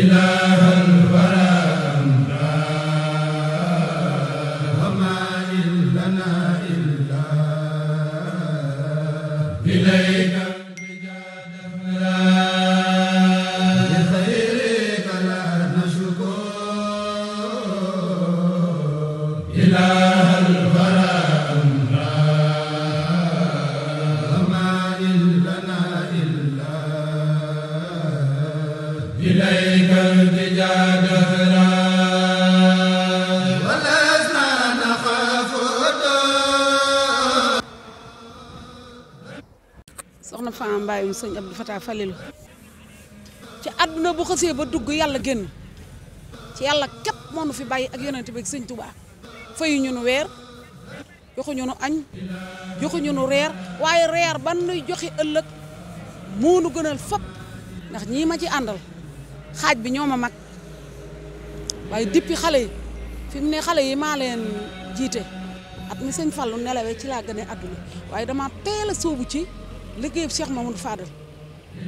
ilaha soxna Fama Mbaye sëñ Abdou Fatah Falilou ci àdduna bu xësee ba dugg yàlla génn ci yàlla képp moo nu fi bàyyi ak yonent bi ak sëñ Touba fayu ñu nu weer joxuñu nu añ joxuñu nu reer waaye reer ban nuy joxe ëllëg moo nu gënal fop ndax ñii ma ci àndal xaaj bi ñoo ma mag waaye dippi xale yi fi ne xale yi maa leen jiite at mi sëñ Fallou nelawee ci laa gënee àdduna waaye dama teel a sóobu ci liggéey Cheikh Mamadou Fadal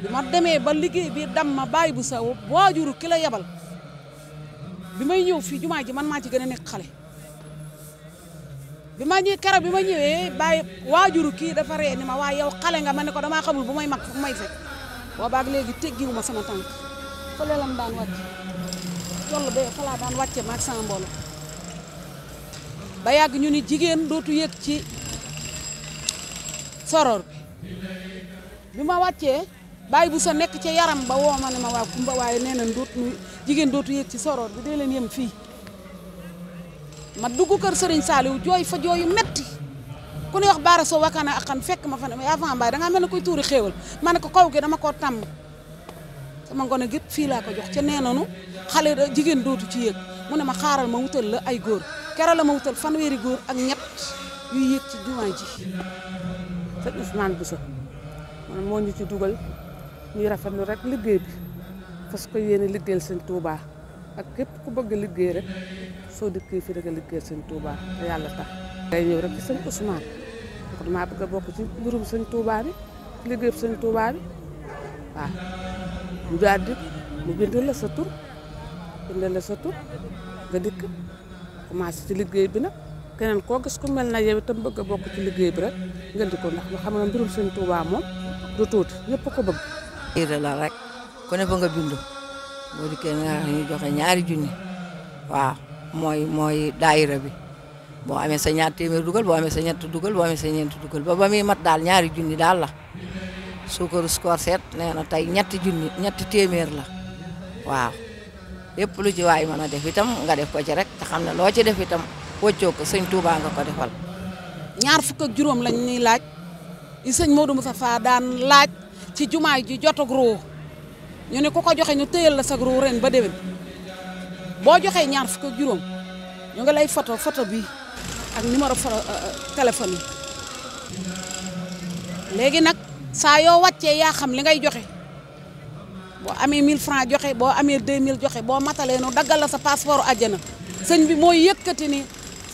bi ma demee ba liggéey bi dam ma bàyyi bu sa waajuru ki la yebal bi may ñëw fii jumaa ji man maa ci gën a nekk xale bi ma ñëw keroog bi ma ñëwee bàyyi waajuru kii dafa ree ni ma waaye yow xale nga ma ne ko damaa xamul bu may mag fu may fekk boobaag ma teggiwuma sama tànk fële lam daan wàcc toll ba fa laa daan wàcce maag sama mbooloo ba yàgg ñu ni jigéen dootu yëg ci soror bi ma wàccee baay bu sa nekk ca yaram ba woo ma ne ma waa kumba waaye nee na doot mu jigéen dootu yëg ci soroor bi dee leen yem fii ma dugg kër Serigne Saliou jooy fa jooyu metti ku ne wax baara soo wakkaana ak fekk ma fa ne ma yaa fa mbaay dangaa mel ne koy tuuri xéewal ma ne ko kaw gi dama koo tàmm sama ngone gépp fii laa ko jox ca nee nanu xale jigéen dootu ci yëg mu ne ma xaaral ma wutal la ay góor kera la ma wutal fanweeri góor ak ñett yuy yëg ci jumaa sëñ Ousmane Bousso man moo ñu ci dugal ñuy rafetlu rek liggéey bi parce que yéen a liggéeyal sëñ Touba ak képp ku bëgg liggéey rek soo dikkee fi rek a liggéeyal sëñ Touba te yàlla tax. day ñëw rek ci sëñ ci mbirum sëñ Touba bi liggéey bi sëñ Touba bi waaw mu daal di mu bindal la sa tur la sa tur nga dikk commencé ci liggéey bi nag. keneen koo gis ku na yow itam bëgg a bokk ci liggéey bi rek ngeen di ko ndax na xam ne mbirum sëñ Tuubaa moom du tuuti ñëpp ko bëgg. iré la rek ku ne nga bindu boo dikkee nga ñu joxe ñaari junni waaw mooy mooy daayira bi boo amee sa ñaar téeméer dugal boo amee sa ñett dugal boo amee sa ñeent dugal ba ba mat daal ñaari junni daal la suukaru score seet nee na tey ñetti ñetti téeméer la waaw yépp lu ci waay mën a def itam nga def ko ci rek te xam ne loo ci def itam wëccoo ko sëñ Touba nga ko defal. ñaar fukk ak juróom lañ ni laaj yi sëñ sa Moustapha daan laaj ci jumaay ji jotag ruu ñu ne ku ko joxe ñu tëyal la sa ruu ba déwén boo joxee ñaar fukk juróom ñu ngi lay foto photo bi ak numéro euh, euh, téléphone yi léegi nag saa yoo wàccee yaa xam li ngay joxe boo amee 1000 francs joxe boo amee mille joxe boo matalee nu daggal la sa passeport àjjana sëñ bi mooy yëkkati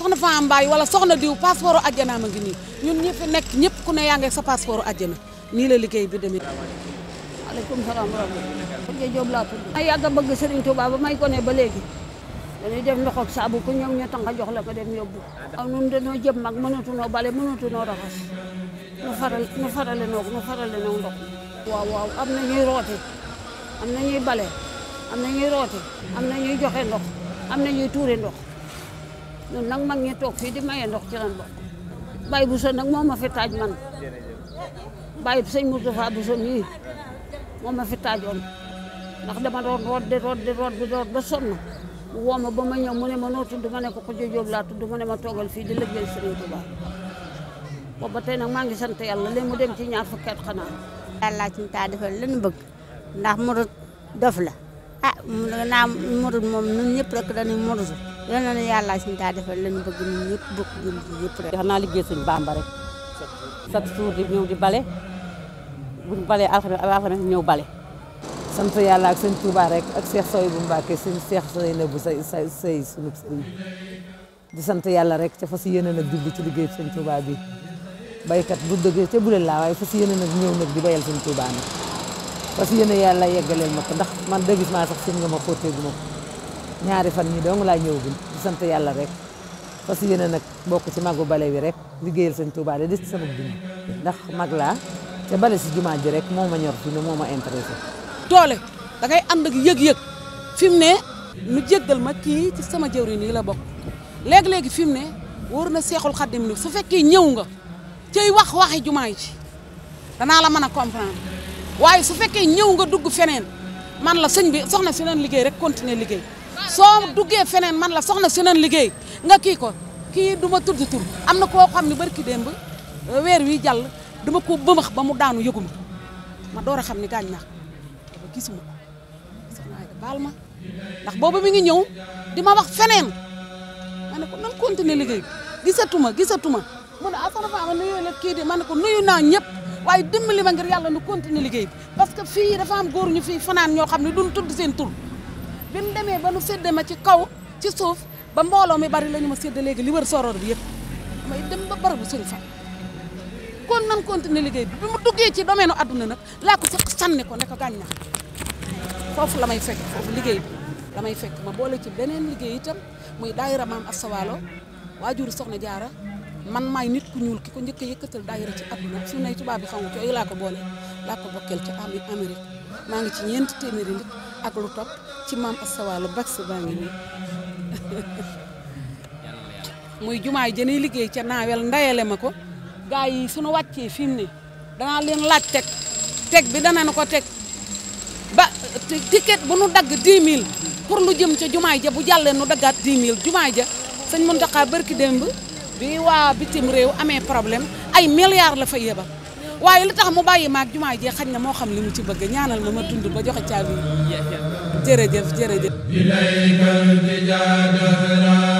soxna Fane Mbaye wala soxna diw passeport àjjana ma ngi nii ñun ñi nekk ñëpp ku ne yaa ngi sa passeport àjjana nii la liggéey bi demee. waaleykum salaam wa rahmatulah. Fodé Diop laa tudd. ma yàgg a bëgg Serigne Touba ba may ko ne ba léegi dañuy def ndox sabu saabu ku ñoom ñu tax jox la ko dem yóbbu. waaw ñun dañoo jëm mag mënatunoo bale mënatunoo raxas nu faral nu nu farale noo ndox waaw waaw am na ñuy roote am na ñuy bale na ñuy roote ñuy joxe ndox am na ñuy tuure ndox. ñun nag mag ngi toog fii di maye ndox ci lan bokk Baye Bousso nag ma fi taaj man Baye sëñ Moustapha Bousso mii moo ma fi taajoon ndax dama doon root di root di root di root ba sonn mu ma ba ma ñëw mu ne ma noo tudd ma ne ko ko jóob laa tudd mu ne ma toogal fii di liggéey Sëriñ Tuubaa boobu ba tey nag maa ngi sant yàlla léegi mu dem ci ñaar fukki at xanaa. yàlla ci taa defal lan bëgg ndax murit dof la ah mu naa murit moom ñun ñëpp rek dañuy murit yal na yàlla suñu taa defal lañu bëgg ñun ñëpp bokk ñun ñëpp rek. xanaa liggéey suñu bàmba rek chaque di bale bu ñu balee alxames alxames ñëw bale. sant yàlla ak sëñ Touba rek ak seex Sow bu Mbacke sëñ Cheikh Sow na bu say say say sunu sëriñ di sant yàlla rek fa si yéene nag jublu ci liggéey sëñ Touba bi baykat bu dëggee ca bu leen laa waaye fas yéene nag ñëw nag di bayal sëñ Touba nag fas yéene yàlla yeggaleel ma ko ndax man dëgg maa sax sëñ nga ma xóotee ko ñaari fan yi dong laa ñëwagum di sant yàlla rek parce que yéen a nag bokk ci magu bale wi rek liggéeyal sëñ Touba de sama ci sama dund ndax mag laa te bale si jumaa ji rek moo ma ñor fi moo ma intéressé. doole da ngay ànd ak yëg-yëg fi mu ne nu jéggal ma kii ci sama jëwriñ yi la bokk léeg léegi fi mu ne wóor na seexul xaddim ni su fekkee ñëw nga cay wax waxi jumaa yi ci danaa la mën a comprendre waaye su fekkee ñëw nga dugg feneen man la sëñ bi soxna si leen liggéey rek continuer liggéey. soo duggee feneen man la soxna seneen liggéey nga kii ko kii du ma tudd am na koo xam ne bari ki démb euh, weer wi jàll dama ko bëmax ba mu daanu yëguma ma door a xam ni gaañ naa ba gisuma ko baal ma ndax boobu mi ngi ñëw di ma wax feneen ma ne ko nan continuer liggéey gisatuma gisatuma mu ne ah soxna Fama nuyu la kii de ma ne ko nuyu naa ñëpp waaye dimbali ma ngir yàlla nu continuer liggéey bi parce que fii dafa am góor ñu fii fanaan ñoo xam ne duñ tudd seen bi mu demee ba nu séddee ma ci kaw ci suuf ba mbooloo mi bari lañu ma séddee léegi li wër soroor bi yëpp may dem ba barabu suñu fa kon nan continuer liggéey bi bi mu duggee ci domaine adduna nag laa ko fekk sànni ko ne ko gàññax foofu la may fekk foofu liggéey bi la may fekk ma boole ci beneen liggéey itam muy daayira maam asawaalo waajur soxna jaara man maay nit ku ñuul ki ko njëkk a yëkkatal daayira ci adduna su nay tubaab bi xamu cooyu laa ko boole laa maa ngi ci ñeenti téeméeri nit ak lu ci maam astawaalo bak sa baa ngi nii muy jumaay jëney liggéey ca naawel ndayale ma ko gaa yi sunu wàccee fi mu ne danaa leen laaj teg teg bi danaa na ko teg ba ticket bu nu dagg 10 000 pour lu jëm ca jumaay ja bu jàllee nu daggaat 10 000 jumaay ja sëñ Muntaxa barki dem bi waa bitim réew amee problème ay milliards la fa yebal waaye lu tax mu bàyyi maag jumaa ji xañ na moo xam li mu ci bëgg ñaanal ma ma dund ba joxe caabi jërëjëf jërëjëf